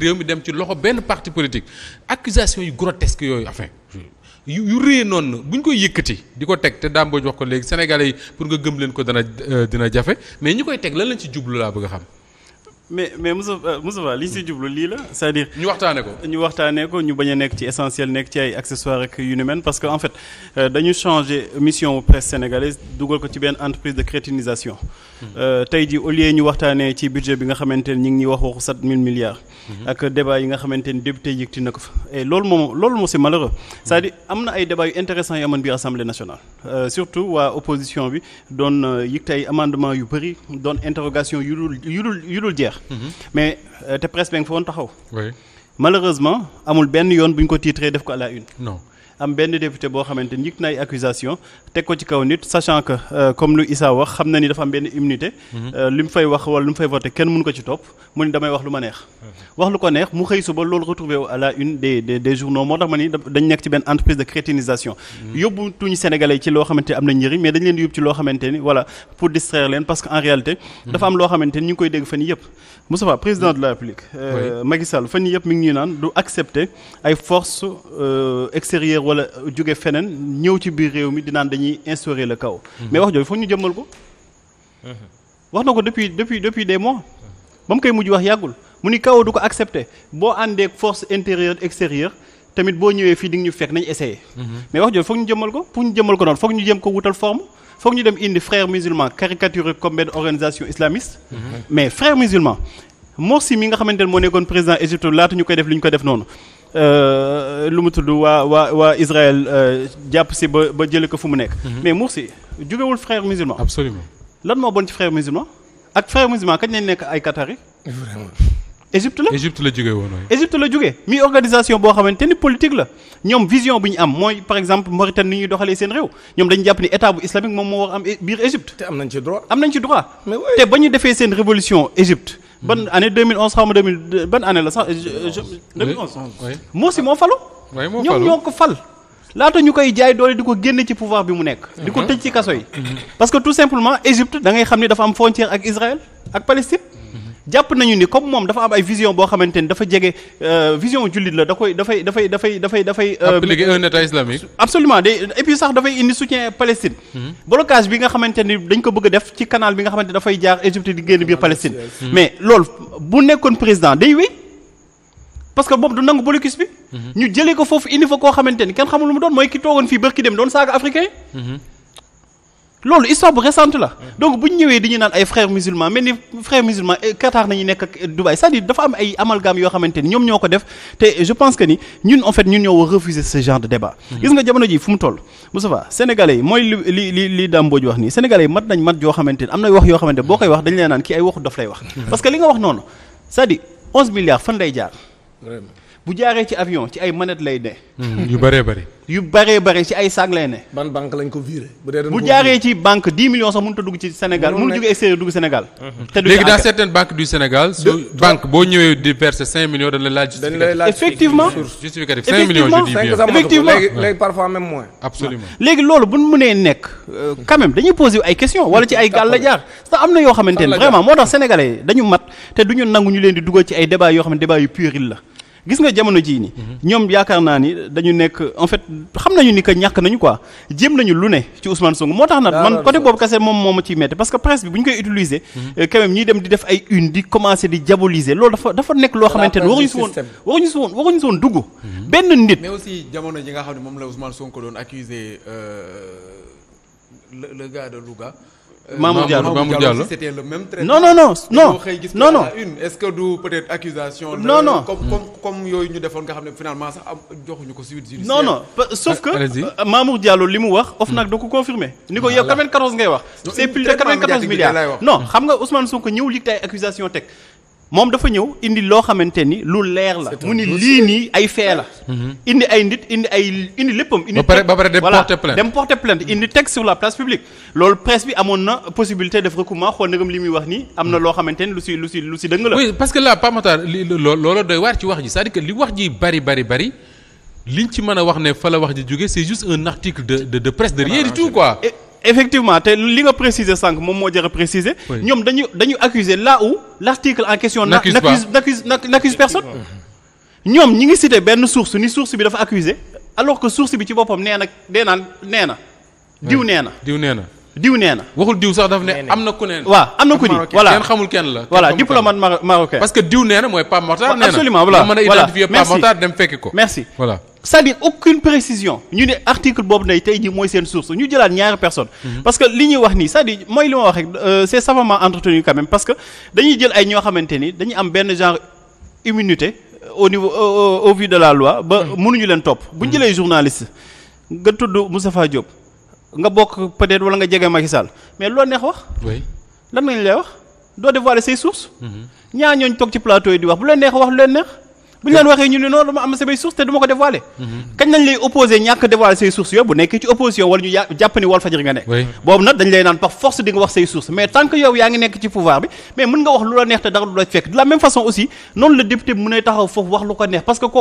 réew mi dem ci loxo benn parti politique accusation yu grotesque yooyu enfin yu yu rëy noonu bu ñu koy yëkkati di ko teg te daam boo jox ko léegi sénégalais yi pour nga gëm leen ko dana euh, dina jafe mais ñi koy teg lan lañ ci jublu laa bëgg a xam. mais mais Moustapha euh, Moustapha li ñu si jublu lii la cest dire ñu waxtaanee ko ñu waxtaanee ko ñu bañ a nekk ci essentiel nekk ci ay accessoires rek yu ni mel parce que en fait euh, dañu changer mission presse sénégalaise dugal ko ci benn entreprise de crétinisation. Mhm. Euh, tey jii au lieu ñu waxtaanee ci budget bi nga xamante ni ñu ngi ñuy wax waxu sept mille milliards. Mhm. ak débat yi nga xamante ni député yëkkati na ko fa. et loolu moom loolu moo c'est malheureux mhm. c'est-à-dire am na ay débats yu yu Euh, surtout waa opposition bi doon euh, yëg tey amendement yu bëri doon interrogation yu dul yu dul jeex. Mhm. mais euh, te presse bi nga fa woon taxaw. malheureusement amul benn yoon bu ñu ko titré def ko à la une. am benn député boo xamante ni yëg na ay accusation teg ko ci kaw nit sachant que euh, comme lu Issa wax xam na ni dafa am benn immunité mhm. euh, li mu fay wax wala li mu fay voté kenn mënu ko ci topp mu ni damay wax lu ma neex mhm. wax lu ko neex mu xëy suba loolu retrouvé wu la une des des des journaux moo tax ma ni dañ nekk ci benn entreprise de crétinisation mhm. yóbbutuñu sénégalais ci loo xamante am na njëriñ mais dañ leen di yóbbu ci loo xamante ni voilà pour distraire am loo xamante ni ñu ngi koy dégg fan yii yëpp euh, ñuy naan du accepter wala jóge feneen ñëw ci biir réew mi di naan dañuy instaurer le chaos. mais wax jooju foog ñu jëmmal ko. wax na ko depuis depuis des mois. ba mu koy mujj wax yàggul mu ni chaos du ko accepter boo àndee force intérieure extérieure tamit boo ñëwee fii di nga ñu fekk nañ essayer. Mhm. mais wax jooju foog ñu jëmmal ko pour ñu jëmmal ko noonu foog ñu jëm ko wutal forme. foog ñu dem indi frères musulmans caricaturé comme benn organisation islamiste. Mhm. mais frères musulmans Euh, lu mu tudd waa waa waa Israël euh, jàpp si ba ba jëlee ko fu mu nekk. Mhm. mais Morsi jugewul frère musulman. absolument lan moo bon ci frère musulman ak frère musulman kañ lañ nekk ay Qatari. vraiment. Égypte la Égypte la jógee woon Égypte la jógee mi organisation boo xamante ni politique la ñoom vision bu ñu am mooy par exemple Mauritanie ni ñuy doxalee seen réew ñoom dañu jàpp ni état bu islamique moom moo war am biir Égypte. te am nañ ci droit am nañ ci droit. te ba ñu defee seen révolution Égypte. ban année 2011 xaw ma 2000 ban année la sax je 2011. Morsi moo falu. waay moo falu ñoom ñoo ko fal. laata ñu koy jaay doole di ko génne ci pouvoir bi mu nekk. di ko mhm. tëj ci kaso yi. Mhm. parce que tout simplement Égypte da ngay xam ni dafa am frontière ak Israël ak Palestine. jàpp nañu ni comme moom dafa am ay vision boo xamante ni dafa jege euh, vision jullit la da koy dafay dafay dafay dafay dafay. Euh, appliquer un état islamique. absolument day et puis sax dafay indi soutien Palestine. Hmm. blocage bi nga xamante ni dañ ko bëgg a def ci canal bi nga xamante dafay jaar Égypte di génn biir Palestine. mais loolu bu nekkoon président day wéy parce que boobu du nangu blocus bi. Hmm. ñu jëlee ko foofu indi fa koo xamante ni kenn xamul lu mu doon mooy ki toogoon fii bërki dem doon saaga africain. loolu histoire bu récente la donc bu ñu ñëwee dañuy naan ay frères musulmans mel ni frères musulmans eh, Qatar nañu nekk ak Dubaï cest dafa am ay amalgame yoo xamante ñoom ñoo ko def te je pense que ni ñun en fait ñun ñoo war refuser ce genre de débat. gis nga jamono ji fu toll. Moustapha sénégalais yi mooy li li li Dame Mbodj wax nii sénégalais yi mat nañ mat yoo xamante ni am na wax yoo xamante boo koy wax dañu leen naan kii ay waxu dof lay wax. parce que li bu jaaree ci avion ci ay manette lay ne. Hmm, yu bëree bëri. yu bëree bëri ci ay saag lay ne. ban banque ko viré. bu dee jaaree ci banque 10 millions sax mënut a dugg ci Sénégal mënut a dugg extérieur dugg Sénégal. Hmm. te du léegi boo ñëwee di verser 5 millions dañ la laaj. dañ lay laaj effectivement effectivement léegi loolu bu ñu mënee nekk euh, quand même dañuy poser ay questions wala ci ay gàll la jaar sax am na yoo xamante ne vraiment moo tax sénégalais dañu mat te duñu nangu ñu leen di dugal ci ay débats yoo xam ne débats yu la gis nga jamono jii ni mhm. ñoom yaakaar naa ni dañu nekk en fait xam nañu ni que ñàkk nañu quoi jéem nañu lu ne ci Ousmane Sonko moo tax nag man côté boobu kese moom moo ma ciy metti parce que presse bi bu ñu koy utiliser mhm. euh, quand même ñuy dem di def ay une di commencer di diaboliser loolu dafa dafa nekk loo xamante ne waruñu si woon waruñu si woon dugg mhm. benn nit mais aussi jamono ji nga xam ne moom la Ousmane Sonko doon accuser euh, le le gars de Louga euh, Mamour Diallo Mamour Diallo c'était le même trait non que du peut comme yooyu ñu defoon nga xam ne finalement sax am joxuñu ko suite judiciaire non non ah, sauf que euh, Mamour Diallo li mu wax OFNAC hmm. da ko confirmé ni ko ah, yow 94 ngay wax c'est plus de 94 milliards non xam nga Ousmane Sonko ñëw lig tay accusation teg moom dafa ñëw indi loo xamante ni lu leer la mu ni lii nii ay fee la indi ay nit indi ay indi léppam indi voilà dem porter plainte indi texte sur la place publique loolu presse bi amoon na possibilité de def recoupement xool ndëgam li muy wax nii am na loo xamante ni lu si lu si lu si dëng la parce que la Pape Makhtar li loolu doy waar ci wax ji cest à li wax ji bari bari bari liñ ci mën a wax ne fa la wax ji jóge c'est juste un article de de presse de rien du tout effectivement te li nga préciser sànq moom moo jar a préciser. ñoom dañu dañu accuser là où l'article en question. na na n'accuse personne. ñoom ñi ngi cité benn source ni source bi dafa accuser alors que source bi ci boppam nee na dee naan nee na. diw nee diw nee diw nee waxul diw sax daf ne am na ku ne. waaw am na ku di voilà diplomate marocain. parce que diw nee mooy Pape Makhtar nee na. a identifier Pape Makhtar dem fekki ko. merci voilà. c'est-à-dire aucune précision ñu ne article boobu nday tey jii mooy seen source ñu jëlaat ñaari personne mhm. parce que li ñuy wax nii c'est-à-dire mooy li ma wax rek euh, c'est savamment entretenu quand parce que dañuy jël ay ñoo xamante ni dañuy am benn genre immunité euh, au niveau euh, au vu de la loi ba mhm. mënuñu leen topp bu ñu mhm. jëlee journaliste nga tudd Moustapha Diop nga bokk peut-être nga jege Macky Sall mais loo neex wax lan nañ lay wax doo dévoiler say sources ñaar ñooñ toog ci plateau wax bu leen neex wax lu bu ñu leen waxee ñu ne noonu dama am samay sources te du ko dévoiler mhm. kañ lañ lay opposé ñàkk dévoiler say sources yow nekkee ci opposition wala ñu jàpp ni Walfadjri nga nekk boobu nag dañ lay naan par force di wax say sources mais tant que yaa ngi nekk ci pouvoir bi mais mën nga wax lu la neex te dara du la fekk de la même façon aussi noonu la député bi mën a taxaw foofu wax lu ko neex parce que kooku